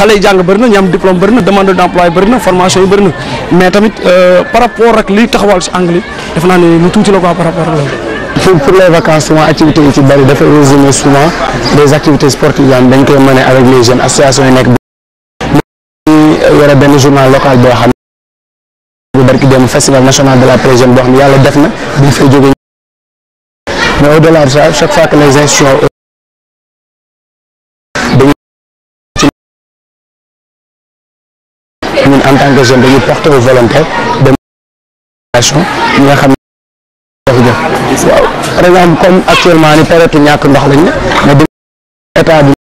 xale yi jàng bëri na ñi am diplôme na demande d' emploi bëri na formation yi bëri na mais tamit euh, par rapport ak liy taxawal si anglais def naa ne lu tuuti la quoi par rapport ak pour pour les vacances souvent activités yi ci bëri dafay résumer souvent des activités sportives dañ koy mener avec les jeunes associations yi nekk bii benn journal local boo xam de la presse en tant que jeune dañuy porter au volontaire de nga xam ne waaw par exemple comme actuellement ni période ñàkk ndox lañ ne mais di état bi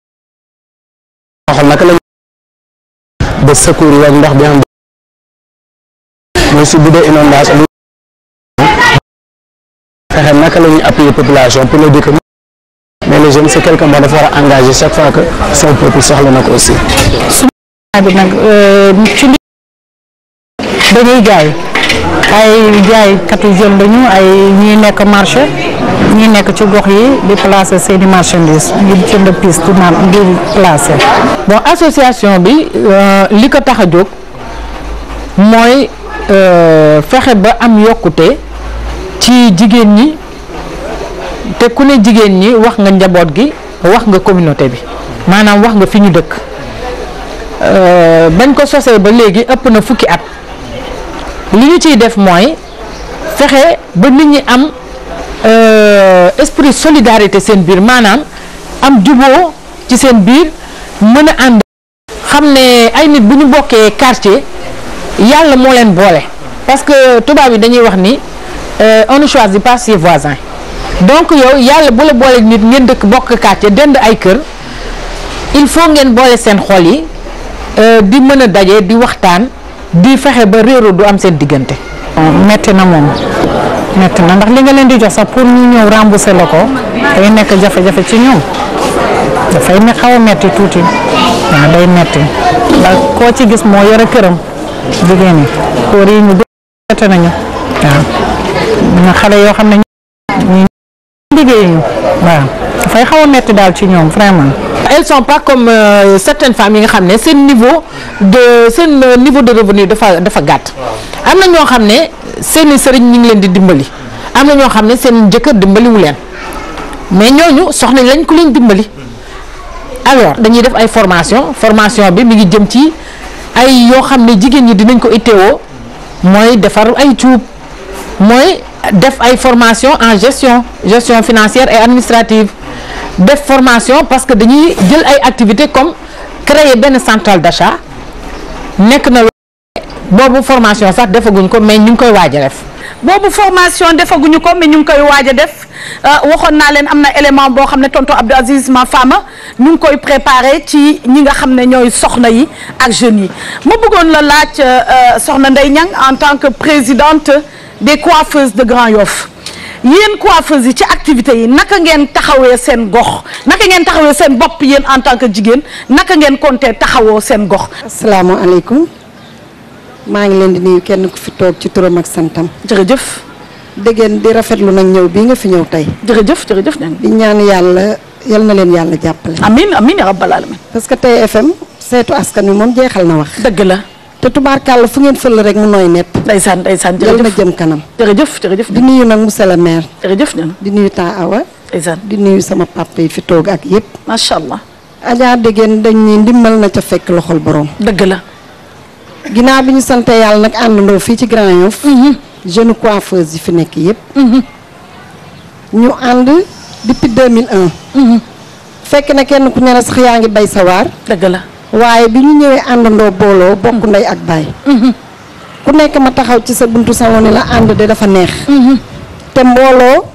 xool naka lañ ba secours yi ndox bi am mooy si bu dee inondation lu fexe naka la ñuy appuyer population pour le dire que mais les jeunes c'est quelqu'un moo dafa war a engagé chaque fois que son peuple soxla na aussi dañuy jaay ay jaaykatu jën lañu ay ñuy nekk marché ñuy nekk ci gox yi di placer seeni marchandise ngir jënd pièces di naan ngir placer. bon association bi euh, li ko tax a jóg mooy euh, fexe ba am yokkute ci jigéen ñi te ku ne jigéen ñi wax nga njaboot gi wax nga communauté bi maanaam wax nga fi ñu dëkk euh, bañ ko sosee ba léegi ëpp na fukki at. li ñu ciy def mooy fexe ba nit ñi am euh, esprit solidarité seen biir maanaam am juboo ci seen biir mën a ànd xam ne ay nit bu ñu bokkee quartier yàlla moo leen boole parce que tubaab yi dañuy wax ni euh, on ne choisit pas ses voisins donc yow yàlla bu la boole nit ngeen dëkk bokk quartier dend ay kër il faut ngeen boole seen xol yi euh, di mën a daje di waxtaan di fexe ba réeroo du am seen diggante. metti na moom metti na ndax li nga leen di jox sax pour ñu ñëw rembourser la ko day nekk jafe-jafe ci ñoom dafay xaw a metti tuuti waaw day metti ndax koo ci gis moo yore këram jigéen ñi kóor yi ñu gëte nañu waaw ñu xale yoo xam ne ñu liggéey ñu waaw dafay xaw a metti daal ci ñoom vraiment. elles sont pas comme euh, certaines yi nga xam ne seen niveau de seen euh, niveau de revenu dafa dafa gàtt. am na ñoo xam ne seen i sëriñ ñu ngi leen di dimbali. am na ñoo xam ne seen jëkkër dimbaliwu leen mais ñooñu soxna lañ ko leen dimbali alors dañuy def ay formation formation bi mi ngi jëm ci ay yoo xam ne jigéen ñi dinañ ko itteewoo mooy defar ay cuub. mooy def ay formation en gestion gestion financière et administrative def formation parce que dañuy jël ay activités comme créer benn centrale d'achat nekk na boobu formation sax defaguñ ko mais ñu ngi koy waaj a def. boobu formation defaguñu ko mais ñu ngi koy waaj a def euh, waxoon naa leen am na élément boo xam ne tonton Abdou Aziz ma femme ñu ngi koy préparé ci ñi nga xam ne ñooy soxna yi ak jeunes yi ma bëggoon la laaj euh, euh, soxna Ndeye Niang en tant que présidente. des coiffeuses de Grand Yoff yéen coiffeuses yi ci activité yi naka ngeen taxawee seen gox naka ngeen taxawee seen bopp yéen en tant que jigéen naka ngeen compter taxawoo seen gox. asalaamaaleykum maa ngi leen di nuyu kenn ku fi toog ci turam ak santam. jërëjëf. dégg di rafetlu nag ñëw bii nga fi ñëw tey. jërëjëf jërëjëf. di ñaan yàlla yal na leen yàlla jàppale. amiin amiin ya rabbal alamin. parce que tey FM seetu askan wi moom jeexal na wax. dëgg la. te tubaarkàlla fu ngeen fël rek mu nooy nepp. ndeysaan ndeysaan jërëjëf yal na jëm kanam. jërëjëf jërëjëf. di nuyu nag monsieur le maire. jërëjëf di nuyu taa awa. ndeysaan di nuyu sama papa yi fi toog ak yëpp. macha allah. Adja Degene dañ ni ndimbal na ca fekk loxol borom. dëgg la. ginnaaw bi ñu sant yàlla nag àndandoo fii ci Grand Yoff. Mhm. jeune coiffeuse yi fi nekk yëpp. Mhm. ñu ànd depuis 2001. Mhm. fekk na kenn ku ne sax yaa ngi bay sa waar. dëgg la. waaye bi ñu ñëwee àndandoo booloo bokk mm-hmm. ndey ak baay mm-hmm. ku nekk ma taxaw ci sa buntu salon ni la ànd de dafa neex mm-hmm. te mbooloo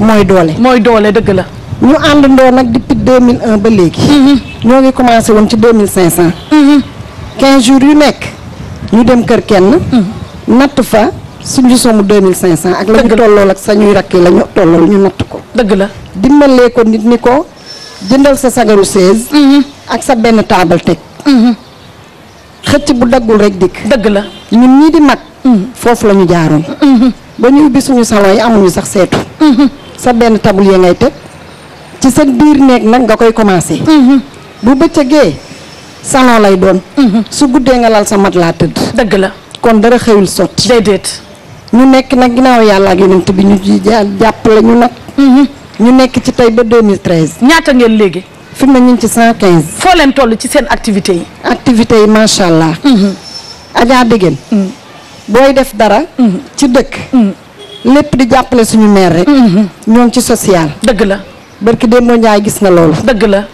mooy doole mooy doole dëgg la ñu àndandoo nag depuis 2001 ba léegi ñoo ngi commencé woon ci 2500 15 jours yu nekk ñu dem kër kenn natt fa suñu somu 2500 ak la ñu tollool ak sañuy rakk yi la ñu tollool ñu natt ko dëgg la dimbalee ko nit ni ko jëndal sa sagaru 16 ak sa benn taabal teg. Mm-hmm. xëcc bu daggul rek dikk. dëgg la ñun di mag. Mm-hmm. foofu la ñu jaaroon. Mm-hmm. ba ñu ubbi suñu salon yi amuñu sax seetu. sa benn tabul ya ngay teg ci sa biir néeg nag nga koy commencé. bu bëccëgee salon lay doon. su guddee nga lal sa mat laa tëdd. dëgg la kon dara xëyul sotti. déedéet. ñu nekk nag ginnaaw yàlla ak yonent bi ñu jàppale ñu nag. ñu nekk ci tey ba ñaata ngeen léegi. fi mu ne ci cent quinze. foo leen toll ci seen activité yi. activités yi macha allah. Mm-hmm. Adja Degene. Mm-hmm. booy def dara. Mm-hmm. ci dëkk. lépp di jàppale suñu maire rek. ñoo ci social. dëgg la. barki Demba Ndiaye gis na loolu. dëgg la.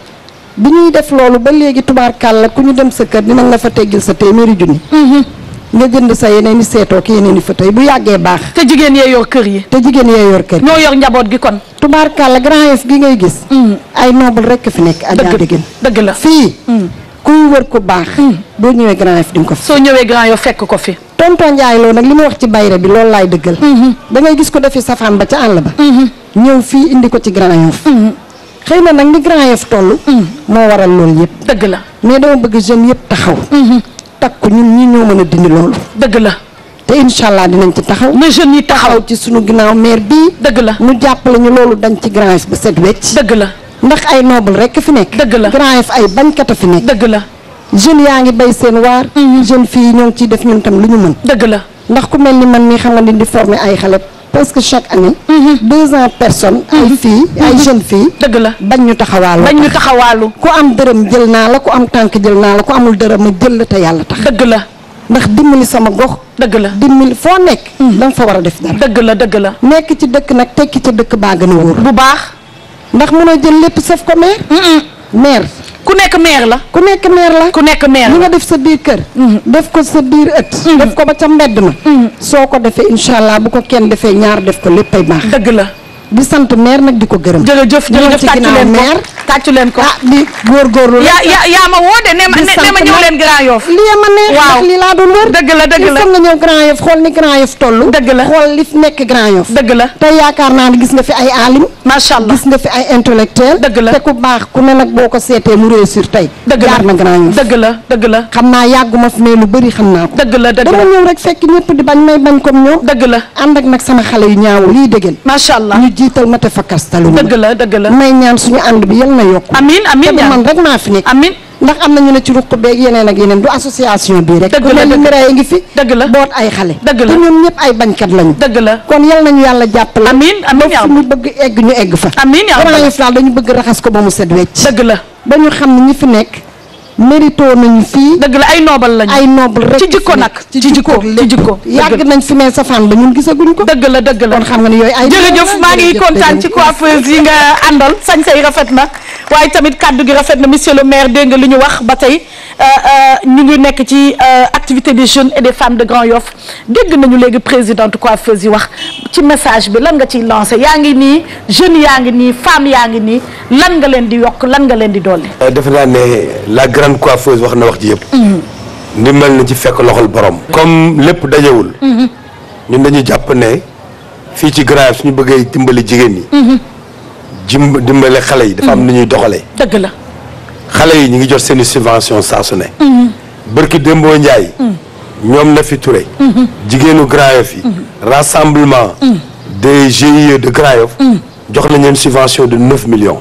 bi ñuy def loolu ba léegi tubaarkàlla ku ñu dem sa kër dinañ la fa teggil sa téeméeri junni. nga jënd sa yeneen i seetoo ak yeneen i fauteuil bu yàggee baax. te jigéen yee yor kër yi. te jigéen yee yor kër yi. ñoo yor njaboot gi kon. tubaarkàlla grand S gi ngay gis. Mm. ay noble rek fi nekk. dëgg dëgg la fii. Mm. kuy wër ku baax. Mm. boo ñëwee grand F di ko fi. soo ñëwee grand yo fekk ko fi. tonton Ndiaye loolu nag li mu wax ci bayre bi loolu laay dëggal. Mm-hmm. da ngay gis ko defi safaan ba ca àll ba. Mm-hmm. ñëw fii indi ko ci grand Yoff. Mm-hmm. xëy na nag ni grand Yoff toll. moo waral loolu yëpp. dëgg la mais dama bëgg jeunes yëpp taxaw. takku ñun ñi ñoo mën a dindi loolu. dëgg la. te incha allah dinañ ci taxaw. na jeunes yi taxaw ci suñu ginnaaw maire bii. dëgg la mu jàppale ñu loolu dañ ci Grand ba set wecc. dëgg la ndax ay noble rekk fi nekk. dëgg la Grand Yoff ay bañkat a fi nekk. dëgg la jeunes yaa ngi bay seen waar. Mm-hmm. jeunes fii ñoo ngi ciy def ñun tam lu ñu mën. dëgg la ndax ku mel ni man mii xam nga ni di former ay xale. presque chaque année. Mhm. deux ans personnes. ay mhm. filles ay mhm. jeunes filles. dëgg la bañ ñu taxawaalu. bañ ñu taxawaalu. ku am dërëm jël naa la ku am tànk jël naa la ku amul dërëm ma jël la te yàlla tax. dëgg la ndax dimbali sama gox. dëgg la dimbali foo nekk. dama fa war a def dara. dëgg la dëgg la. nekk ci dëkk nag tekki ci dëkk baa gën a wóor. bu baax. ndax mënoo jël lépp saf ko meer. meer. ku nekk maire la. ku nekk maire la ku nekk maire la. li nga def sa biir kër. Mm-hmm. def ko sa biir ëtt. Mm-hmm. def ko ba ca mbedd ma. Mm-hmm. soo ko defee incha allah bu ko kenn defee ñaar def ko léppay baax. dëgg la. di sant maire nag di ko gërëm. jërëjëf jërëjëf tàccu leen ko tàccu leen ko ah góor góorgóorlu la. yaa yaa ma woo de ne ma ne ma ñëw leen Grand Yoff. lii ma ne ndax lii laa doon wër. dëgg la dëgg la li nga ñëw Grand Yoff xool ni Grand la xool li nekk Grand la te yaakaar naa ne gis nga fi ay alim. macha allah gis nga fi ay intellectuel. dëgg la te ku baax ku ne nag boo ko seetee mu réussir tey. dëgg la jaar na Grand la dëgg la. xam naa yàgguma fi mais lu bëri xam naa dëgg la dëgg la dama ñëw rek fekk ñëpp di bañ may bañ comme ñoom. dëgg la ànd ak nag sama xale yu ñaaw lii dëggal. macha jiital ma te fakkastalu dëgg la dëgg la may ñaan suñu ànd bi yal na yokku amiin amiin te man rek maa fi nekk amiin ndax am na ñu ne ci ruq beeg yeneen ak yeneen du association bii rek ku mel ni mira dëgg la boot ay xale la te ñoom ñëpp ay bañkat lañu dëgg la kon yal nañu yàlla jàppale amiin amiin fu ñu bëgg egg ñu egg fa amiin yaa dañu bëgg raxas ko ba mu set wecc dëgg la ba ñu xam ne ñi fi nekk mérito nañu fii. dëgg la ay noobal lañu. ay noobal rek ci jikko nag ci jikko ci jikko yàgg nañ si mais safaan ba ñun gisaguñ ko. dëgg la dëgg la kon xam nga ne yooyu ay. yi rafet na waaye tamit kàddu gi rafet na monsieur le maire dégg nga li ñu wax ba tey euh, euh, ñu ngi nekk ci euh, activité des jeunes et des femmes de Grand Yoff dégg nañu léegi présidente coiffeuse yi wax ci message bi lan nga ciy lancé yaa ngi nii jeunes yaa ngi nii femmes yaa ngi nii lan nga leen di yokk lan nga leen di dolli. defe naa ne grande coiffeuse wax na wax ji yëpp. ndimbal na ci fekk loxol borom. comme lépp dajewul. ñun dañu jàpp ne fii ci grave suñu bëggee dimbali jigéen ñi. jim dimbale xale yi. dafa am na ñuy doxalee. dëgg la. xale yi ñu ngi jot seen i subvention saa su ne. bërki démboo Ndiaye. ñoom na fi Touré. jigéenu Grand Yoff yi. rassemblement. de GIE de Grand jox nañ leen subvention de neuf millions.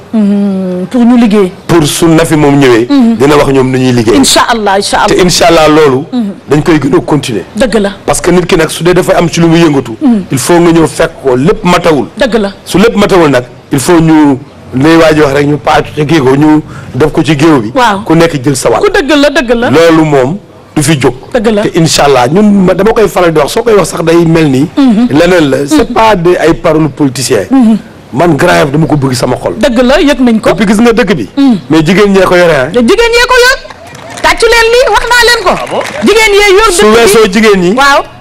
pour ñu liggéey. pour su Nafi moom ñëwee. Mhm. dina wax ñoom nu ñuy liggéey. incha allah incha allah te incha allah loolu. Mhm. dañ koy gën a continuer. dëgg la parce que nit ki nag su dee dafay am ci lu mu yëngatu. Mhm. il faut nga ñëw fekk ko lépp matawul. dëgg la su lépp matawul nag il faut ñu. lay waa ji wax rek ñu paatu te géego ñu def ko ci géew bi. waaw ku nekk jël sa wàll. ku dëgg la dëgg la loolu moom du fi jóg. dëgg la te incha allah ñun ma dama koy faral di wax soo koy wax sax day mel nii. leneen la c'est pas des ay paroles politiciens. man Grand Yoff dama ko bëgg sama xol. dëgg la yëg nañ ko. et gis nga dëkk bi. Mm. mais jigéen ñee ko yore ah. jigéen ñee ko yor tàccu leen ah jigéen ñi.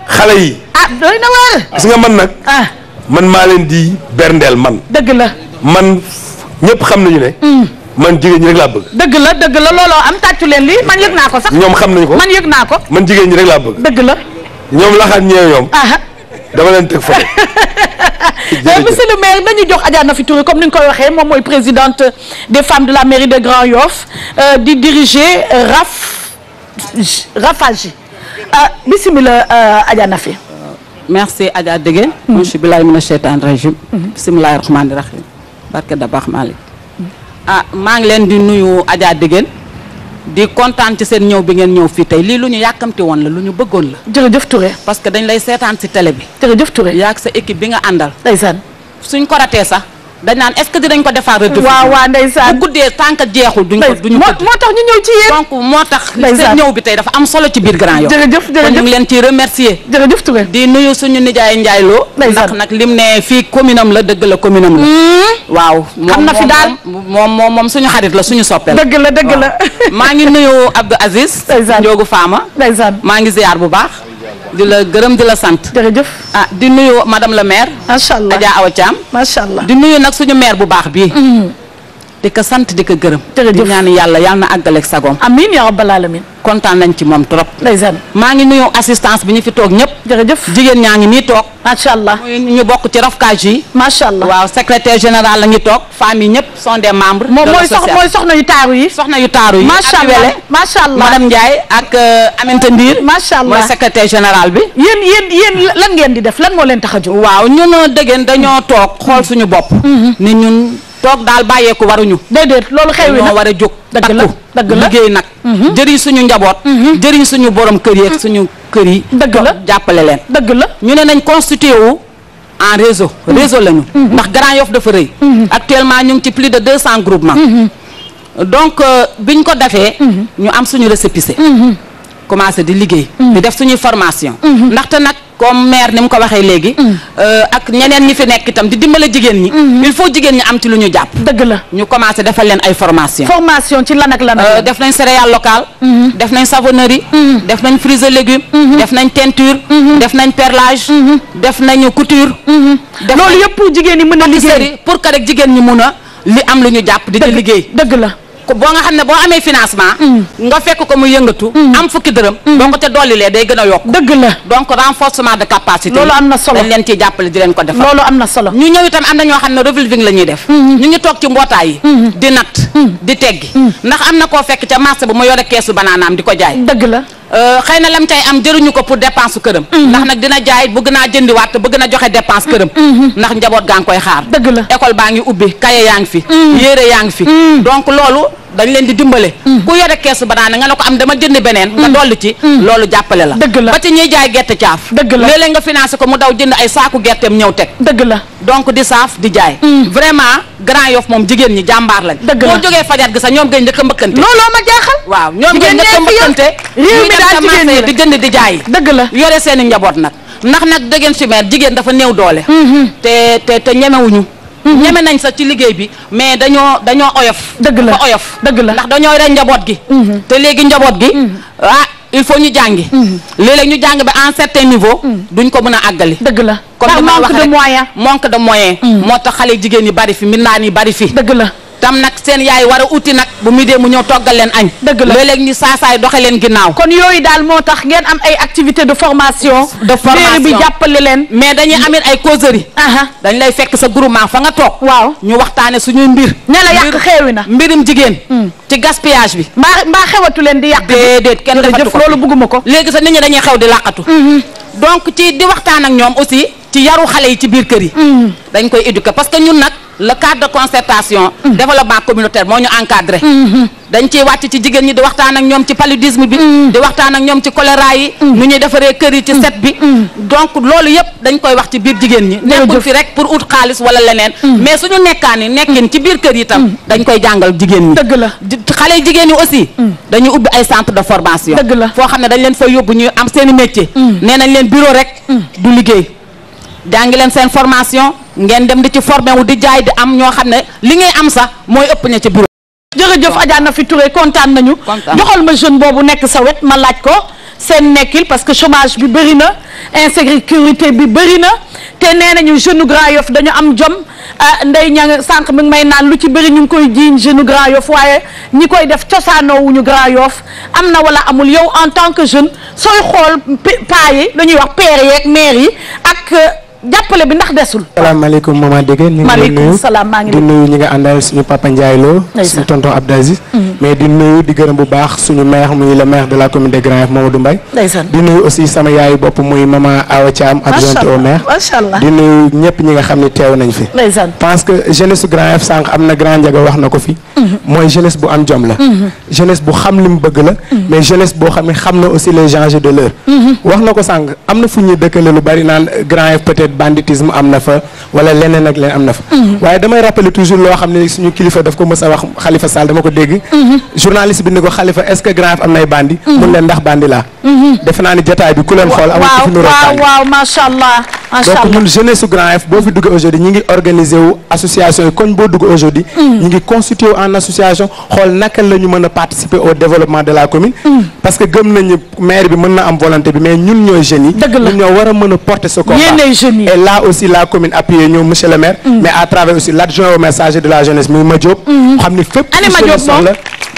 xale yi. ah doy na waar. gis nga man nag. Ah. man maa leen di berndeel man. dëgg la man ñëpp xam nañu ne. Mm. man jigéen ñi rek laa bëgg. dëgg la dëgg la looloo am tàccu leen li man yëg naa ko sax. ñoom xam nañ ko man yëg naa ko. man jigéen ñi rek laa bëgg. dëgg la. ñoom laxaat ñee ñoom. Ah. dama leen teg fa Euh, monsieur le maire nañu jox Adja Nafi Touré comme ni nga koy waxee moom mooy présidente des femmes de la mairie de Grand Yoff euh, di diriger euh, RAF RAFAGI bisimilah Adja Nafi. merci Adja Dege. Mm-hmm. monsieur Bilay mina cheytaan rajim. Mm-hmm. bisimilah rahmaani rahim. barke ah, maa ngi leen di nuyu Adja Dege. di kontaan ci seen ñëw bi ngeen ñëw fii tey lii lu ñu yàkkamti woon la lu ñu bëggoon la. jërëjëf Touré. parce que dañ lay seetaan si tele bi. jërëjëf Touré. yaa ak sa équipe bi nga àndal. ndeysaan suñ koratee sax. dañ naan est-ce que dinañ ko defaat rëdd. waaw waaw ndeysaan bu guddee tànk jeexul. duñ ko duñ ko moo tax ñu ñëw ci yéen. donc moo tax. seen ñëw bi tey dafa am solo ci biir Grand Yoff. jërëjëf jërëjëf kon ñu ngi leen ciy remercier. jërëjëf Touré di nuyu suñu nijaay Ndiaye Lo. ndax nag lim ne fii commune am la dëgg la commune am la. Hmm? waaw xam na fi daal moom moom moom suñu xarit la suñu soppe la. dëgg la dëgg la maa ngi nuyu Abdou Aziz. ndeysaan Ndiogu Fama. ndeysaan maa ngi ziar bu baax di la gërëm di la sant. jërëjëf ah di nuyu madame la maire. macha allah Adja Awa Thiam. macha allah di nuyu nag suñu maire bu baax bii. Mm-hmm. di ko sant di ko gërëm. di ñaan yàlla yàlla na àggaleeg sagoom. amiin yaa rabbal aalamiin. kontaan nañ ci moom trop. maa ngi nuyu assistance bi ñu fi toog ñëpp. jërëjëf jigéen ñaa ngi nii toog. macha allah ñu bokk ci rafkaj yi. macha allah waaw secrétaire général la ñu toog. femmes yi ñëpp sont des membres. de la sociale moom mooy soxna yu taaru yi. soxna yu taaru yi macha allah macha allah madame ak euh, Aminata Ndiir. mooy secrétaire général bi. yéen yéen yéen lan ngeen di def lan moo leen tax a jóg. waaw euh, toog daal bàyyeeku waruñu. déedéet loolu xew wi nag war a jóg. dëgg la dëgg la liggéey nag. Mhm. jëriñ suñu njaboot. Mhm. jëriñ suñu borom kër yi mhm. suñu kër yi. dëgg la jàppale leen. dëgg la ñu ne nañ constitué wu en réseau. réseau lañu. ndax Grand Yoff dafa rëy. actuellement ñu ngi ci plus de 200 groupements. donc euh, biñ ko defee. ñu am suñu récépissé. commencé di liggéey. di def suñu formation. ndaxte nag. comme maire ni mu ko waxee léegi. Mm. Euh, ak ñeneen ñi fi nekk itam di dimbale jigéen ñi. Mm-hmm. il faut jigéen ñi am ci lu ñu jàpp. dëgg la ñu commencé defal leen ay formation formation ci lan ak lan euh, def nañ céréales local mm-hmm. def nañ savonnerie. Mm-hmm. def nañ fruits et légumes. def nañ teinture. def nañ perlage. def nañu couture. def loolu yëpp jigéen ñi mën a liggéey pour que rek jigéen ñi mun a li am lu ñu jàpp di. liggéey dëgg la. boo nga xam ne boo amee financement mm. nga fekk ko mu yëngatu mm. am fukki dërëm mm. boo ko ca dollilee day gën a yokk dëgg la donc renforcement de capacité loolu am na solo dañ leen ciy jàppale di leen ko defal loolu am na solo ñu ñëw itam am na ñoo xam ne revolving la ñuy def mm-hmm. ñu ngi toog ci mbootaay yi mm-hmm. di natt mm-hmm. di teggi ndax am na koo fekk ca marché bu mu yore keesu banaanaam di ko jaay dëgg la Euh, xëy na lam cay am jëruñu ko pour dépense su këram mhm. ndax nag dina jaay bëgg naa jëndiwaat bëgg na joxe dépense këram mhm. ndax njaboot gaa ngi koy xaar dëgg la école baa ngi ubbi kaye yaa ngi fi mhm. yéere yaa ngi fi donc loolu dañ leen di dimbale mm. ku yore keesu banaana nga ne ko am dama jënd beneen nga mm. dolli ci mm. loolu jàppale la dëgg la ba ci ñuy jaay gerte caaf dëgg la léeg-léeg nga financé ko mu daw jënd ay saaku gerteem ñëw teg dëgg la donc di saaf di jaay vraiment Grand Yoff moom jigéen ñi jàmbaar lañ dëgg la boo jógee fajar gi sax ñoom ngay njëkk a mbëkkante looloo ma jaaxal waaw ñoom ngay njëkk a mbëkkante réew mi daal jigéen di jënd di jaay dëgg la yore seen i njaboot nag ndax nag dëggeen si meer jigéen dafa néew doole mm-hmm. te te te ñemewuñu ñeme mhm. nañ sax ci liggéey bi mais dañoo dañoo oyof. dëgg la oyof dëgg la ndax dañoo rey njaboot gi. Mhm. te léegi njaboot gi. Mhm. ah il faut ñu jàngi. léeg-léeg ñu jàng ba en certain niveau. duñ ko mën a àggali. dëgg la kon li ma wax de moyen. manque de moyen. moo tax xale jigéen yi bari fi naa yi bari fi. dëgg la. tam nag seen yaay war a uti nag bu mu dee mu ñëw toggal leen añ. dëgg la léeg-léeg ñu saasaay doxe leen ginnaaw. kon yooyu daal moo tax ngeen am ay activité de formation. de formation bi jàppale leen. mais dañuy amit ay causerie. dañ lay fekk sa groupement fa nga toog. waaw ñu waxtaane suñuy mbir. ne la yàq xeewi na mbirum jigéen. Hmm. ci gaspillage bi. mbaa mbaa xewatu leen di yàq. déedéet kenn defatu ko loolu bëgguma ko. léegi sa nit ñi dañuy xew di làqatu. Hmm. donc ci di waxtaan ñoom aussi ci yaru xale yi ci biir kër yi. Hmm. dañ le cadre de concertation mm. développement communautaire moo ñu encadré mm-hmm. dañ ciy wàcc ci jigéen ñi di waxtaan ak ñoom ci paludisme bi mm. di waxtaan ak ñoom ci choléra yi mm. nu ñuy defaree kër yi ci set bi donc loolu yëpp dañ koy wax ci biir jigéen ñi nekkul fi rek pour ut xaalis wala leneen mais suñu nekkaani nekkin ci biir kër yi tam dañ koy jàngal jigéen ñi dëgg la xale jigéen ñi aussi dañuy ubbi ay centre de formation dëgg la foo xam ne dañ leen fa yóbbu ñuy am seen i nee nañ leen bureau rek du liggéey jàngi leen seen formation ngeen dem di ci formé wu di jaay di am ñoo xam ne li ngay am sax mooy ëpp ña ci bureau. jërëjëf Adja Nafi Touré kontaan nañu. joxal ma jeune boobu nekk sa wet ma laaj ko seen nekkil parce que chomage bi bëri na insécurité bi bëri na te nee nañu jeune Grand Yoff dañu am jom ah, ndey ña sànq mi ngi may naan lu ci bëri ñu ngi koy jiiñ jeune Grand Yoff waaye ñi koy def cosaanoo wuñu Grand Yoff am na wala amul yow en tant que jeune sooy xool paa yi dañuy wax père yeeg yi ak. jàppale bi ndax desul. salaamaaleykum maman di nuyu ñi nga àndal suñu papa Ndiaye suñu tonton Abdou Aziz. Mhm. mais di nuyu di gërëm bu baax suñu maire muy le maire de la commune de Grand a Mamadou Mbaye. di nuyu aussi sama yaayu bopp muy maman Awa Thiam. adjointe au di nuyu ñëpp ñi nga xam ne teew nañ fi. parce que Grand Yoff sànq am na grand njaga wax na ko fi. Mhm. mooy jeunesse bu am jom la. Mhm. jeunesse bu xam li mu bëgg la. mais jeunesse boo xam ne xam na aussi les enjeux de l'heure. wax na ak banditisme am na fa wala leneen ak leneen am na fa mhm. waaye damay rappeler toujours loo xam ne suñu kilifa daf ko mës a wax Khalifa Sall dama ko dégg mhm. journaliste bi ni ko Khalifa est Grand Yoff am nay bandi mhm. mun leen ndax bandi laa defe naa ni jataay bi ku leen xool amul ku fi nuroo bandi boo fi duggee aujourd'hui ñi ngi organiser wu association yi koñ boo duggee aujourd'hui ñi ngi constitué en association xool naka la mën a participer au développement de la commune parce que yi et là aussi la commune appuyé ñoom monsieur le maire mm. mais à travers aussi l'adjoint au messager de la jeunesse muy Madiop mm-hmm. xam ni fépp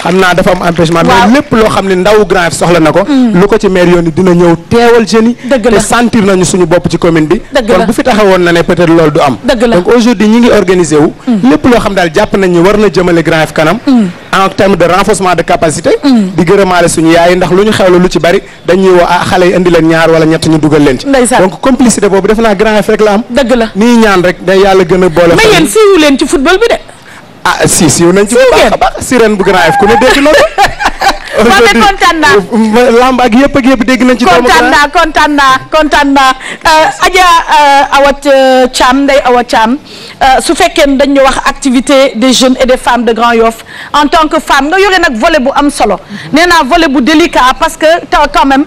xam naa dafa am empêchement mais lépp loo xam ne ndaw Grand Yoff soxla na ko mm. lu ko ci maire yoon dina ñëw teewal jeunes yi te sentir nañu suñu bopp ci commune bi kon bu fi taxawoon na ne peut-être loolu du am donc aujourd'hui ñi ngi organiser wu mm. lépp loo xam daal jàpp nañu war na jëmale Grand Yoff kanam mm. en terme de renforcement de capacité di gërëmaale suñu yaay ndax lu ñu xewla lu ci bari dañuy woo ah xale yi indi leen ñaar wala ñett ñu dugal leen ci donc complicité boobu def naa la am ah siis yow nañ ci bu baax a baax sirène bu Grand Yoff ku ne dégg na ko kon de kontaan naa lamb ak yëpp ak yëpp dégg nañ ci kontaan naa kontaan naa kontaan naa euh, Adja euh, Awa Thiam Ndeye Awa Thiam euh, su fekkee dañ ñu wax activité des jeunes et des femmes de Grand Yoff en tant que femme nga yore nag volet bu am solo neena naa volet bu délicat parce que quand même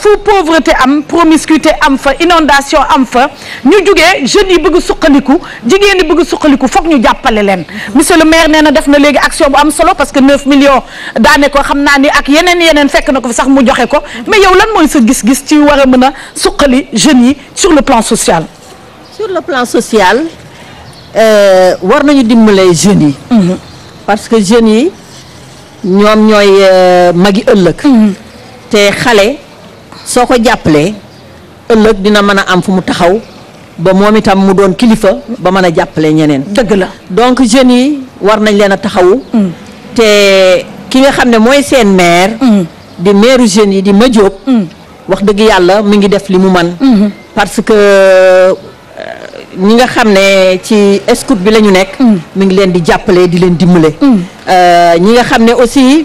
fu pauvreté am promiscuité am fa inondation am fa ñu jugee jeunes yi bëgg suqaliku jigéen yi bëgg suqaliku foog ñu jàppale leen monsieur le maire nee na def na léegi action bu am solo parce que 9 millions naa ak yeneen yeneen fekk na ko fi sax mu joxe ko mais yow lan mooy sa gis-gis ci war a mën a suqali jeunes yi sur le plan social. sur le plan social euh, war nañu dimbale jeunes yi. Mhm. parce que jeunes yi ñoom ñooy euh, magi ëllëg. Mhm. te xale soo ko jàppalee ëllëg dina mën a am fu mu taxaw. ba moom itam mu doon kilifa ba mën a jàppale ñeneen. dëgg la donc jeunes yi war nañ leen a taxawu. Mhm. te ki nga xam ne mooy seen maire. Mm. di maire jeunes yi di ma jóob mm. wax dëgg yàlla mi ngi def li mu man mm-hmm. parce que euh, ñi nga xam ne ci scout bi la ñu nekk. Mm. mu ngi leen di jàppale di leen dimbale. Euh, ñi nga xam ne aussi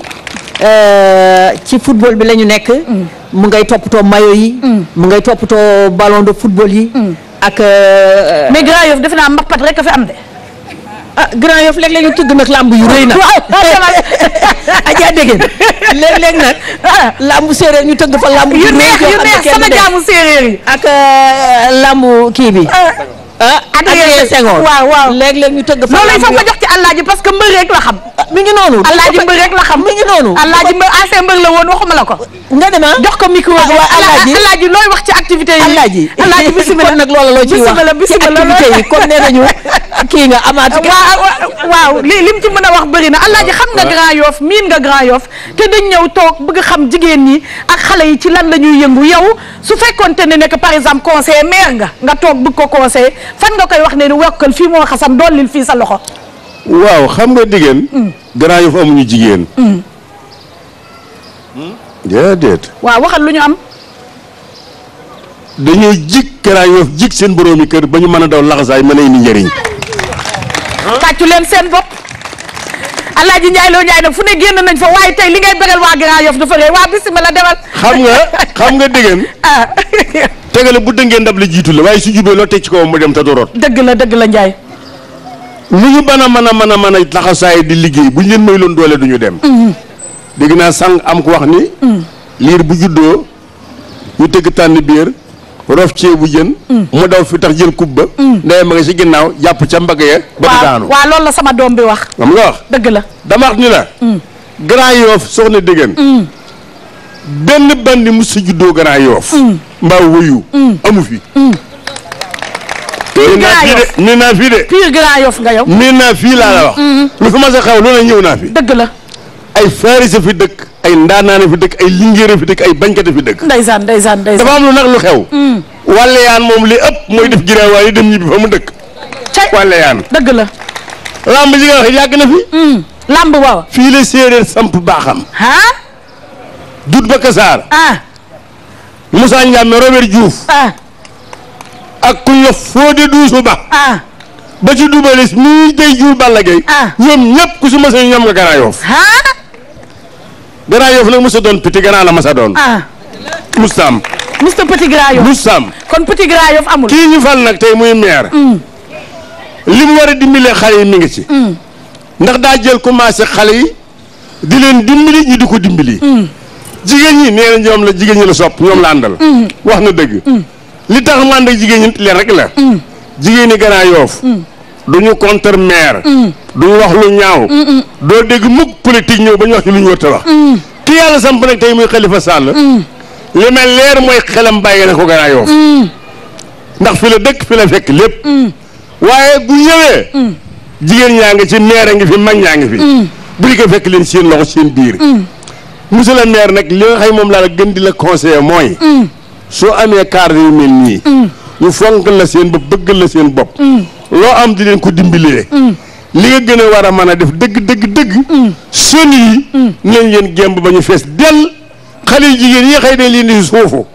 euh, ci football bi la ñu nekk. mu ngay toppatoo mayo yi. mu ngay toppatoo ballon de football yi. ak. mais Grand Yoff defe naa mbappat rek fi am de. ah Grand Yoff léeg-léeg ñu tudd nag làmb na rëy na. ajaa dégg léeg-léeg nag ah. làmb ñu tëgg fa làmb yu neex yu neex sama jaamu séeréer yi ak euh, làmb kii bi ah. Euh, Adrien Senghor waaw waaw léeg-léeg ñu tëgg fa loolu il faut nga jox ci Alaaji parce que mbër rek la xam mi ngi noonu Alaaji mbër rek la xam mi la woon waxuma la ko nga dem ah. jox ko micro waaye Alaaji Alaaji looy wax ci activité yi Alaaji Alaaji bismillah nag loolu loo ciy wax ci nañu kii nga amaat waaw li lim ci mën a wax bëri na Alaaji xam nga Grand Yoff miin nga Grand Yoff te dañ ñëw toog bëgg xam jigéen ñi ak xale yi ci lan la ñuy yëngu yow su fekkoonte ne nekk par exemple conseil maire nga nga toog bëgg ko conseil fan nga koy wax ne ni wokkal fii moo xasan dollil fii sa loxo waaw xam nga jigéen mm. Grand Yoff amuñu jigéen mm. Mm. waaw waxal lu ñu am dañoo jig Grand Yoff jig seen boroomi kër ba mën a daw laxasaay mën a indi leen seen bopp Alaaji Njaay loo Njaay nag fu ne génn nañ fa waaye tey li ngay bëggal waa Grand dafa rëy waa bismilla demal xam nga xam nga diggéen ah. tegale bu dëngee ndab la jiitu la waaye su jubee loo teg ci dem te du rot. dëgg la dëgg la Ndiaye. lu ñu mën a mën a mën a mën a laxasaay di liggéey bu ñu leen may loon doole du ñu dem. Mhm. dégg naa sànq am ko wax ni. Mhm. liir bu juddoo ñu tëgg tànn biir rof ceebu jën. Mhm. mu daw fi tax jël kub ba. ndey ma nga si ginnaaw jàpp ca mbagg ya. ba di daanu waaw loolu la sama doom bi wax. xam nga wax dëgg la. dama wax ni la. Grand Yoff soxna Dégane. benn bandi mu si juddoo Grand Yoff. mbaa wuyu. Mm. amu fi. Mm. pire grand yof miin fii de pire nga yow. miin naa fii laa la wax. Mm-hmm. lu fi mas a xaw loolu ñëw naa fi. dëgg la. ay farisa fi dëkk ay ndaanaane fi dëkk ay lingéere fi dëkk ay bañkate fi dëkk. ndeysaan ndeysaan ndeysaan dafa am lu nag lu xew. Mm. wàlleyaan moom li ëpp mooy def giraawaay yi ñibbi fa mu dëkk. cay wàlleyaan dëgg la. lamb ji nga wax yàgg na fi. lamb waaw. fii la séeréer samp baaxam. ah. dut ba kasaar. Ah. Moussa Ndiame Robert Diouf. Ah. ak ku ñuy Fodé Doussou Ba. Ah. ba ci dubalis mi day jur Balla Gaye. Ah. ñoom ñëpp ku si mos a ñoom nga Grand Yoff. Grand Yoff nag mos doon petit grand la mos a doon. Moustam. Mousta kon petit Grand Yoff amul. kii ñu fal nag tey muy maire. Mm. li mu war a dimbalee xale yi mi ngi ci. Mm. ndax daa jël commencé xale yi di leen dimbali ñu di ko dimbali. Mm. jigéen ñi nee na ñoom la jigéen ñi la sopp ñoom la àndal. Mm. wax na dëgg. Mm. li tax mu ànd jigéen ñi leen rek la. Mm. jigéen ñi yoof Yoff. du ñu contre maire. du wax lu ñaaw. doo dégg mukk politique ñëw ba ñu wax ci lu ñu war wax. ki yàlla samp nag tey muy Khalifa Sall. li mel leer mooy xelam bàyyi na ko Grand Yoff. ndax fi la dëkk fi la fekk lépp. waaye bu ñëwee. jigéen ñaa ngi ci maire ngi fi mag ñaa ngi fi. bu ñu ko fekk leen seen loxo seen biir. monsieur le maire nag li nga xay moom laa la gën di la conseiller mooy. Mm. soo amee cadre yu mel nii. Mm. ñu fonk la seen bopp bëggal la seen bopp. Mm. loo am di leen ko dimbilee. li nga gën a war a mën a def dëgg dëgg dëgg. sën yi. nañ leen gemb ba ñu fees dell. xale yu jigéen yi xëy na leen di suufu.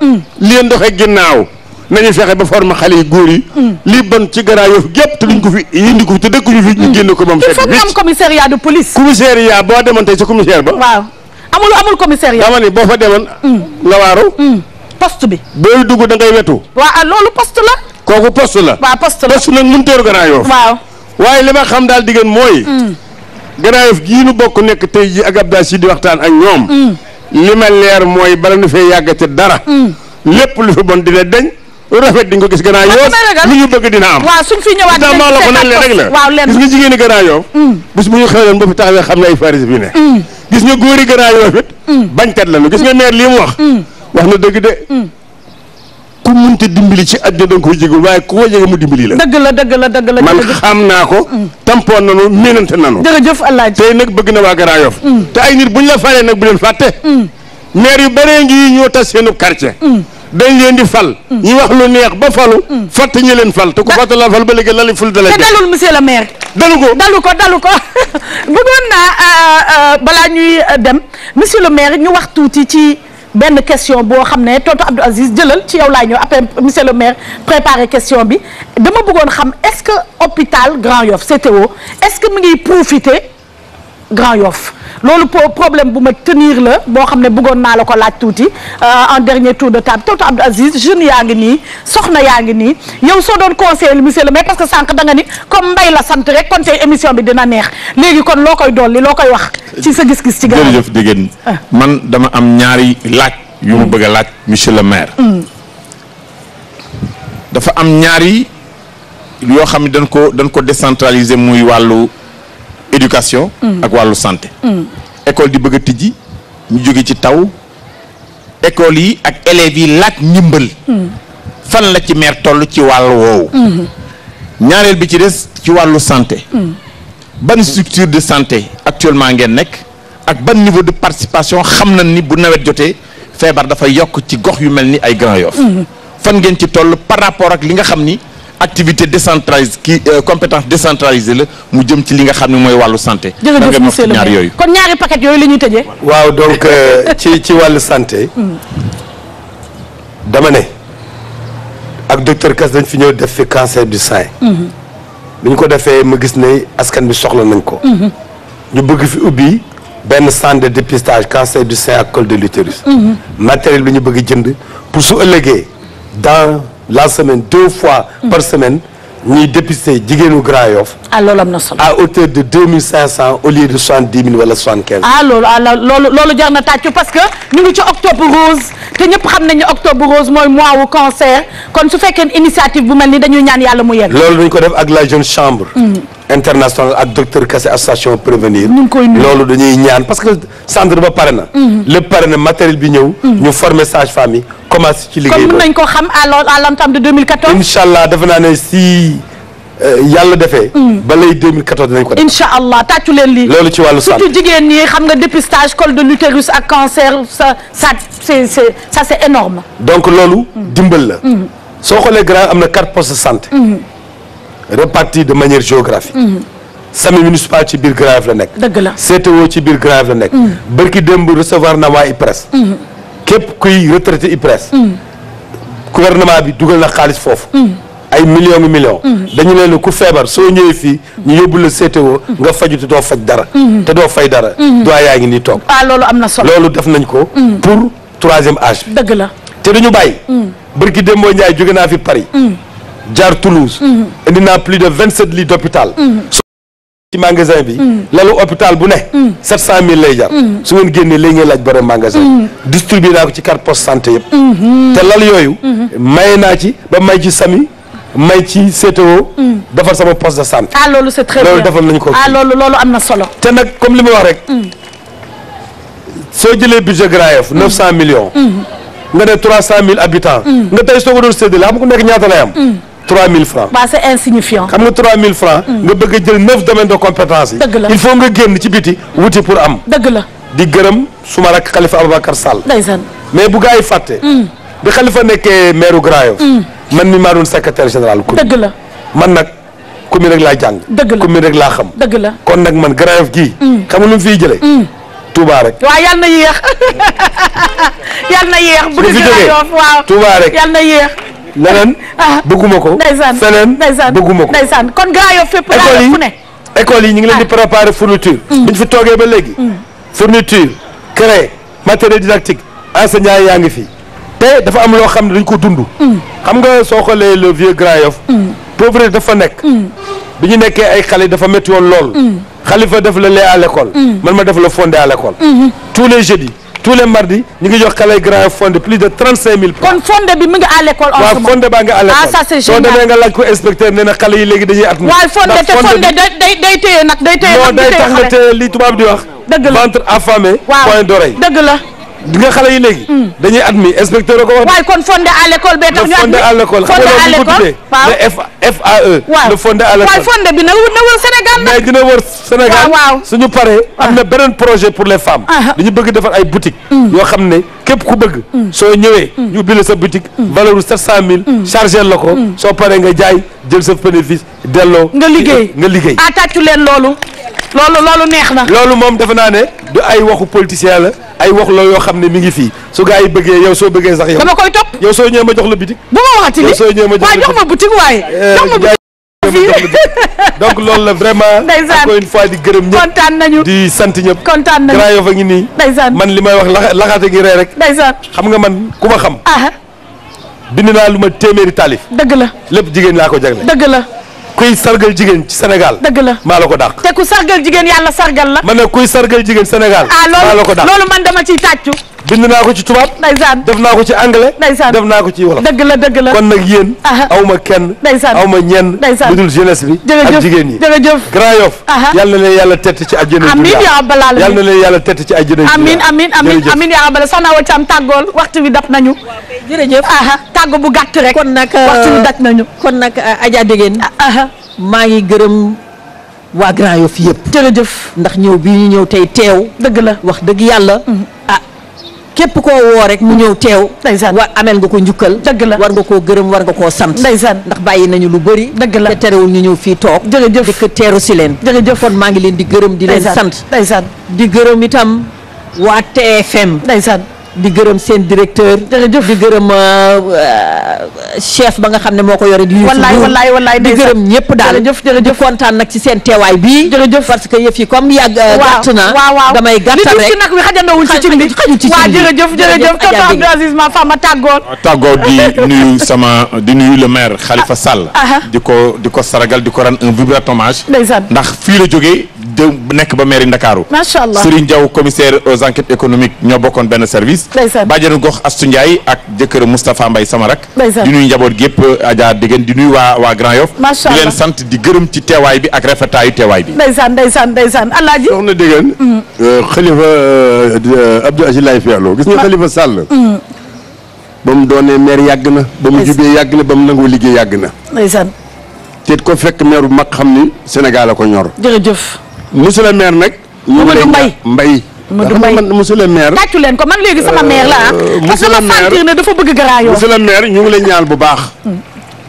leen doxee gannaaw nañu fexe ba forme xale yu góor yi. li ban ci Grand Yoff gépp te duñ ko fi indi ko fi te dëkkuñu fi. ñu génn ko ba mu fekk il faut am commissariat de police. boo demoon tey sa commissaire ba. amul amul commissariat. dama ni boo fa demoon. Mm. nga waaru. Mm. poste bi. booy dugg da ngay waa waaw ah, loolu poste la. kooku poste la. waaw poste la poste nag mënut a yor Grand Yoff. waaw waaye li ma xam daal diggéen mooy. Mm. Grand gii nu bokk nekk tey jii ak Abdou Aziz di waxtaan ak ñoom. li ma leer mooy bala nu fee yàgg ca dara. lépp lu fi bon dina deñ. lu rafet di nga ko gis gannaaw yow lu ñu bëgg dina am waaw suñ fi ñëwaat dama la ko nañ leen rek la gis nga jigéeni gannaaw yow mm. bis bu ñu ba fi taxawee xam mm. gis nga góori gannaaw yow mm. wax wax na dëgg de ku munte dimbali ci àddina danga koy jégul waaye ku ko jege mu dimbali la dëgg la dëgg la dëgg man xam naa ko tampoon nanu miinante nanu jërëjëf Alaaji tey nag bëgg na waa Grand Yoff te ay nit bu ñu la falee nag bu leen fàtte maire yu bëree ñoo tas seenu quartier dañ leen di fal. Mm. ñu wax lu neex ba falu. Mm. fatt ñu leen fal te ku fatt la fal ba léegi lali ful dalay. te dalul monsieur le maire. dalu ko dalu ko dalu ko bëggoon euh, euh, balaa ñuy euh, dem monsieur le maire ñu wax tuuti ci benn question boo xam ne tonton Abdou Aziz jëlal ci yow laa ñëw après monsieur le maire préparé question bi dama bëggoon xam est-ce que hôpital Grand Yoff CTO est-ce que mu ngi profiter. Grand Yoff loolu problème bu ma tenir la boo xam ne bëggoon naa la ko laaj tuuti euh, en dernier tour de table Toto Abdou Aziz jeunes yaa ngi nii soxna yaa ngi nii yow soo doon conseiller monsieur le maire que sànq da nga ni comme mbay la sant rek kon tey émission bi dina neex léegi kon loo koy dool li loo koy wax ci sa gis-gis ci gànnaaw jërëjëf dégg ah. man dama am ñaari laaj yu ma bëgg a laaj monsieur le maire hmm. dafa am ñaari yoo xam ne dañ ko dañ ko décentraliser muy wàllu éducation. ak wàllu santé. école di bëgg a ñu jóge ci taw école yi ak élèves yi laaj ndimbal. fan la ci maire toll ci wàll woowu. ñaareel bi ci des ci wàllu santé. ban structure de santé actuellement ngeen nekk ak ban niveau de participation xam na ni bu nawet jotee feebar dafa yokk ci gox yu mel ni ay Grand Yoff mm-hmm. fan ngeen ci toll par rapport ak li nga xam ni. activité décentralisée kii euh, compétence décentralisée la mu jëm ci li nga xam ne mooy wàllu santé. jërëjëf monsieur le yooyu. kon ñaari paquet yooyu la waaw donc euh, ci ci wàllu santé. Hmm. dama ne ak docteur Kass dañ fi ñëw def fi cancer du sein. Hmm. bi ñu ko defee ma gis ne askan bi soxla nañ ko. Hmm. ñu bëgg fi ubbi benn centre de dépistage cancer du sein ak col de l'utérus. matériel bi ñu bëgg jënd pour su ëllëgee la semaine deux fois mm. par semaine ñuy dépister jigéenu Grand Yoff. ah am na solo. à hauteur de deux mille cinq cent au lieu de soixante dix mille wala soixante quinze. ah loolu ah loolu parce que ñu ngi ci octobre rose te ñëpp xam nañ ne octobre rose mooy mois wu cancer kon su fekkee initiative bu mel ni dañuy ñaan yàlla mu yegg. loolu dañ ko def ak la jeune chambre. Mm. internationale ak docteur Kassé association prévenir. ñu ngi koy loolu dañuy ñaan parce que centre ba pare na. Mm. lépp pare na matériel bi ñëw. ñu former sage-femme commencé ci liggéey boobu nañ ko xam à l'entame de 2014. incha allah defe naa ne si euh, yàlla defe mm. ba lay 2014 dinañ ko def. incha allah tàccu leen lii. loolu ci wàllu sànq surtout jigéen ñi xam nga dépistage col de l'utérus ak cancer ça ça c'est ça c'est énorme. donc loolu. Mm. dimbal la. Mm. soo xoolee grand am na quatre postes de santé. répartis de manière géographique. sami municipal ci biir Grand Yoff la nekk. dëgg la CTO ci biir Grand Yoff la nekk. bërki demb recevoir na waa IPRES. képp kuy retraité IPRES. Mm. gouvernement bi dugal na xaalis foofu. Mm. ay millions mi millions. Mm. dañu leen ku feebar soo ñëwee fii. ñu yóbbu la CTO. nga faju te doo faj dara. te doo fay dara. doy yaa ngi nii toog. ah loolu am na solo loolu def nañ ko. pour troisième âge bi. dëgg la te duñu bàyyi. barki Demba Ndiaye jóge naa fi Paris. jaar Toulouse. indi naa plus de vingt sept lits d'hôpital. ci magasin bi. Mm. lalu hôpital bu ne. 700000 mm. lay jar. Mm. su ngeen génnee léegi ngeen laaj borom magasin. distribué naa ko ci carte post santé yëpp. Mm-hmm. te lal yooyu. Mm-hmm. may naa ci ba may ci sami. may ci CTO. defar sama poste de santé. ah loolu c'est très bien loolu defal nañu ko. ah am na solo. te nag comme li ma wax rek. soo jëlee budget Grand Yoff cent million nga ne 300000 habitants. nga tey soo ko doon séddale xam nga ku nekk ñaata lay am. 3000 francs waaw c'est insignifiant. xam nga 3000 francs hmm. nga bëgg jël neuf domaines de compétence yi. dëgg la il faut nga génn ci biti wuti pour am. dëgg la di gërëm suma rakk Khalifa Ababacar sal ndeysaan mais bu gaa yi fàtte. Hmm. bi Khalifa nekkee maire Grand hmm. man mi maa doon secrétaire général commune. dëgg la man nag commune laa jàng. dëgg la commune rek laa dëgg la kon nag man Grand Yoff gii. xam nga lu mu fiy jëlee. Touba yal na yéex yal na yéex. leneen ah, bëgguma ko feneen bëgguma ko ndeysaan kon Grand Yoff fépp laa fu ne école yi ñu ngi leen di ah. préparer fourniture mm. bi ñu fi toogee ba léegi mm. fourniture craie matériel didactique enseignants yi yaa ngi fi te dafa am loo xam ne dañ ko dund mm. xam nga soo xoolee le vieux Grand Yoff pauvreté dafa nekk bi ñu nekkee ay xale dafa métti woon lool xalifa def la lait à l'école man ma def la fondé à l'école mm-hmm. tous les jeudis tous les mardis ñu ngi jox xale yi grand fonde plus de 35000 francs. kon fonde bi mu ngi à l'école en ce moment waaw fonde baa nga à l'école. ah ça c'est génial soo inspecteur nee na xale yi léegi dañuy at. waay fonde te fonde day tax nga téye li tubaab di wax. dëgg la ventre affamé. di nga xale yi léegi. Hmm. dañuy admis inspecteur la ko wax. waaye kon fondé à l'école bee tax ñu admis. fondé à l'école xam nga loolu bu FAE. waaw e. fondé à l'école waaye fondé bi na wër na wër Sénégal nag. mais dina wër Sénégal. suñu paree. am na ah. beneen projet pour les femmes. Ah. dañu bëgg defar ay boutiques. Hmm. yoo xam ne. képp ku bëgg soo ñëwee ñu ubbi sa boutique valeur u sept mille chargé la ko soo paree nga jaay jël sa bénéfice delloo nga liggéey nga liggéey ah tàccu leen loolu loolu loolu neex na loolu moom defe naa ne du ay waxu politicien la ay wax la yoo xam ne mu ngi fii su gaa yi bëggee yow soo bëggee sax yow dama koy topp yow soo ñëwee ma jox la bitik bu ma waxati li yow soo ñëwee ma jox la bitik waaye jox ma bitik waaye eh, donc loolu la vraiment. ndeysaan encore une fois di gërëm ñëpp kontaan di sant ñëpp. kontaan nañu Grand Yoff ngi nii. man li may wax laxa laxaate ngi ree rek. ndeysaan xam nga man ku ma xam. Ah. bind naa lu ma téeméeri taalif. dëgg la lépp jigéen laa ko jagle. dëgg la kuy sargal jigéen ci Sénégal. dëgg la maa la ko dàq. te ku sargal jigéen yàlla sargal la. ma ne kuy sargal jigéen Sénégal. Ah, maa la ko dàq loolu man dama ciy tàccu. bind naa ko ci tubaab. ndeysaan def naa ko ci anglais. ndeysaan def naa ko ci wolof. dëgg la dëgg la kon nag yéen. aw ma kenn. ndeysaan aw ma ñenn. ndeysaan budul jeunesse bi. ak jigéen ñi jërëjëf Grand Yoff. yal na leen yàlla tett ci àjjana yi. amiin yaa rabbal aalamiin yal na leen yàlla tett ci àjjana yi. amiin amiin yaa rabbal soxna wa am tàggool waxtu bi dab nañu. jërëjëf tàggo bu gàtt rek. kon nag euh, waxtu bi daj nañu. kon nag euh, Adja Degene. maa ngi gërëm. waa Grand Yoff yëpp. jërëjëf ndax ñëw bi ñu ñëw tey teew. dëgg la wax dëgg yàlla mm-hmm. ah, képp koo woo rek mu ñëw teew ndeysaan war amel nga ko njukkal dëgg la war nga koo gërëm war nga koo sant ndeysaan ndax bàyyi nañu lu bëri dëgg la te terewul ñu ñëw fii toog jërëjëf dëkk teeru si leen jërëjëf kon maa ngi leen di gërëm di leen sant ndeysaan di gërëm itam waa TFM ndeysaan di gërëm seen directeur. jërëjëf di gërëm euh, euh, chef ba nga xam ne moo ko yore. di Youssou Ndour wallaay di gërëm ñëpp daal. jërëjëf jërëjëf jëf kontaan nag ci seen teewaay bii. jërëjëf parce que yëf yi comme yàgg. gàtt na damay gàttal rek li nag wi xajandawul ci bi xajul ci cin bi waaw jërëjëf jërëjëf tonton Abdou Aziz ma fama tàggoon. Ah, tàggoo di nuyu sama di nuyu le maire Khalifa Sall. di ko di ko saragal di ko ran un vibrant hommage. ndax fii la jóge te nekk ba mairie Ndakaaru macha allah Serigne Diaw commissaire aux enquêtes économiques ñoo bokkoon benn service bàjjenu gox Astu Ndiaye ak jëkkër Moustapha mbay sama rak di nuyu njaboot gi yëpp Adja Dégène di nuyu waa waa Grand Yoff di leen sant di gërëm ci teewaay bi ak rafetaayu teewaay bi ndeysaan ndeysaan ndeysaan alaaji soxna Dégène xalifa mm. euh, euh, Abdou Aziz Laye Ferlo gis nga xalifa Sall mm. ba mu doonee maire yàgg na ba mu jubee yàgg na ba mu nangoo liggéey yàgg na ndeysaan ko fekk maire bu mag xam ni monsieur le maire nag. Mamadou Mbaye Mbaye. Mamadou le maire. tàccu leen ko man léegi sama maire la ah. Euh, monsieur le maire parce dafa bëgg garaayo. monsieur le maire ñu ngi ñaal bu baax. Hmm.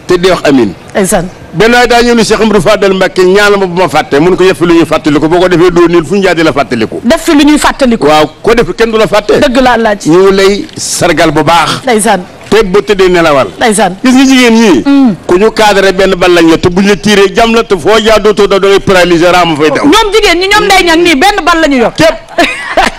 te di wax amin ndeysaan benn waay daa ñëw ni Cheikh Amadou Fadel Mbacke ñaanal ma bu ma fàtte mun ko def fi lu ñuy fàttaliku boo ko defee doo niil fu ñu jaadee la fàttaliku. def fi lu ñuy fàttaliku. waaw ko def kenn du la fàtte. dëgg laa laaj. ñu ngi sargal bu baax. ndeysaan te ba tëddee nelawal. ndeysaan gis nga jigéen ñi. Mm. ku ñu cadré benn bal lañ la te bu ñu tiiree jam la te foo jaa dootoo daw da ngay paralysé raama fay daw. ñoom jigéen ñi ñoom day ñag nii benn bal la ñu yor. képp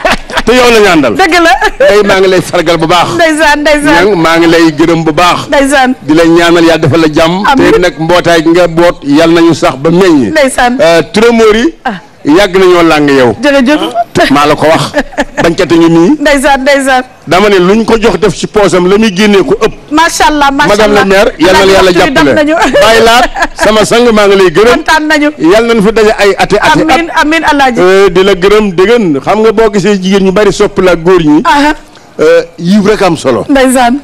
te yow la ñu àndal. dëgg la. tey maa ngi lay sargal bu baax. ndeysaan ndeysaan ñang maa ngi lay gërëm bu baax. ndeysaan di lay ñaanal yàlla defal la jàmm. amiin te nag mbootaay nga boot yàlla nañu sax ba meññ. ndeysaan euh, turamóor yi ah. yàgg nañoo làng yow. jërëjëf maa la ko wax. bañkate ñu nii. ndeysaan ndeysaan. dama ne luñ ko jox def ci poosam la muy génnee ko ëpp. macha allah macha allah madame maire yàlla jàppale bàyyi laat sama sang maa ngi lay gërëm. kontaan na yal nañu fi daje ay ati ati at amiin amiin alaaji euh, di la gërëm dégg xam nga boo gisee jigéen ñu bari sopp laa góor ñi. Euh, yiw rek am solo. ndeysaan.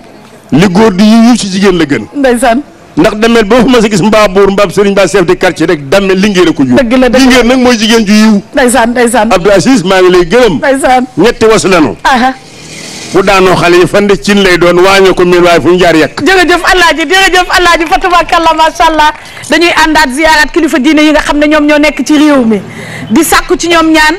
li góor di yiw ci jigéen la gën. ndeysaan. ndax damel boo fa ma sa gis mbaabuur mbaab sëriñ mbaa chef de quartier rek damel lingéer a ko jur lingéer nag mooy jigéen ju yiw ndeysaan ndeysaan Abdou Aziz maa ngi lay gërëm ndeysaan ñetti was lanu bu daanoo xale yi fan de cin lay doon waañoo ko miin waaye fu ñu jaar yàq jërëjëf alaaji jërëjëf alaaji fatabakallah macha allah dañuy àndaat ziyaaraat kilifa diine yi nga xam ne ñoom ñoo nekk ci réew mi di sàkku ci ñoom ñaan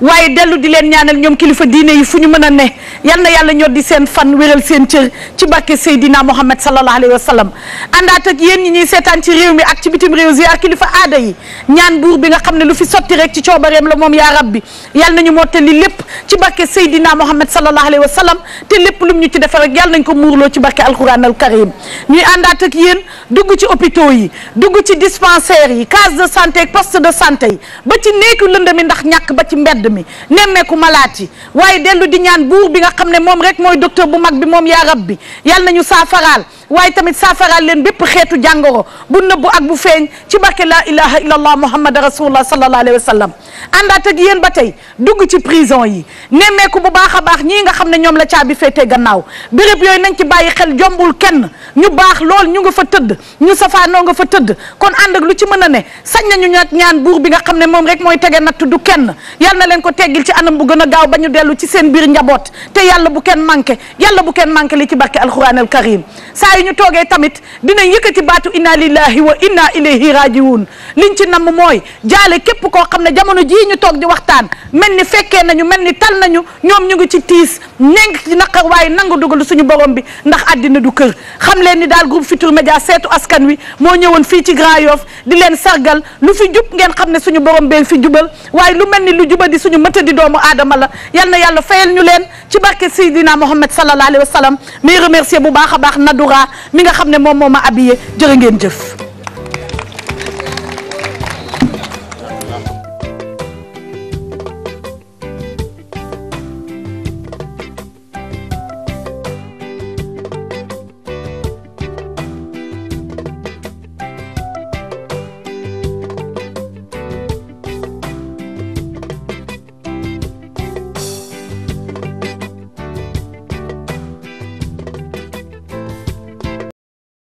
waaye dellu di leen ñaanal ñoom kilifa diine yi fu ñu mën a ne yal na yàlla ñor di seen fan wéral seen cër ci barke Seydina Mohamed sallallahu alayhi wa sallam àndaat yéen ñi ñuy seetaan ci réew mi ak ci bitim réew ak kilifa aada yi ñaan buur bi nga xam ne lu fi sotti rek ci coobareem la moom yaa rabbi yal nañu mottali lépp ci barke Seydina Mohamed sallallahu alayhi wa sallam te lépp lum ñu ci defar rek yal nañ ko muurloo ci barke alquran al karim ñuy àndaat ak yéen ci hôpitaux yi dugg ci dispensaires yi case de santé ak poste de santé ba ci néeku lëndami ndax ñàkk ba ci mbedd mbedd mi nemmeeku malaat yi waaye dellu di ñaan buur bi nga xam ne moom rek mooy docteur bu mag bi moom yaa rab bi yàlla ñu saafaraal waaye tamit saafaraal leen bépp xeetu jàngoro bu nëbbu ak bu feeñ ci barke laa ilaha illallah muhammad rasulullah sallallahu alayhi wa sallam àndaat ak yéen ba tey dugg ci prison yi nemeeku bu baax a baax ñii nga xam ne ñoom la caabi féetee gannaaw béréb yooyu nañ ci bàyyi xel jombul kenn ñu baax lool ñu nga fa tëdd ñu safaanoo nga fa tëdd kon ànd ak lu ci mën a ne sañ nañu ñaat ñaan buur bi nga xam ne moom rek mooy tege natt du kenn yal leen ko teggil ci anam bu gën a gaaw ba ñu dellu ci seen biir njaboot te yàlla bu kenn manqué yàlla bu kenn manqué li ci barke alquran al karim saa yu ñu toogee tamit dinañ yëkkati baatu inna lillahi wa inna ilayhi rajiun liñ ci namm mooy jaale képp koo xam ne jamono ji ñu toog di waxtaan mel ni fekkee nañu mel ni tal nañu ñoom ñu ngi ci tiis nekk ci naqar waaye nangu dugalu suñu borom bi ndax àddina du kër xam leen ni daal groupe Futurs Médias seetu askan wi moo ñëwoon fii ci Grand Yoff di leen sargal lu fi jub ngeen xam ne suñu borom bee fi jubal waaye lu mel ni lu juba di suñu mëta di doomu aadama la yal na yàlla fayal ñu leen ci barke Seydina Mohamed sallallahu alayhi wa sallam may remercier bu baax a baax Nadoura mi nga xam ne moom moo ma habillé jërë ngeen jëf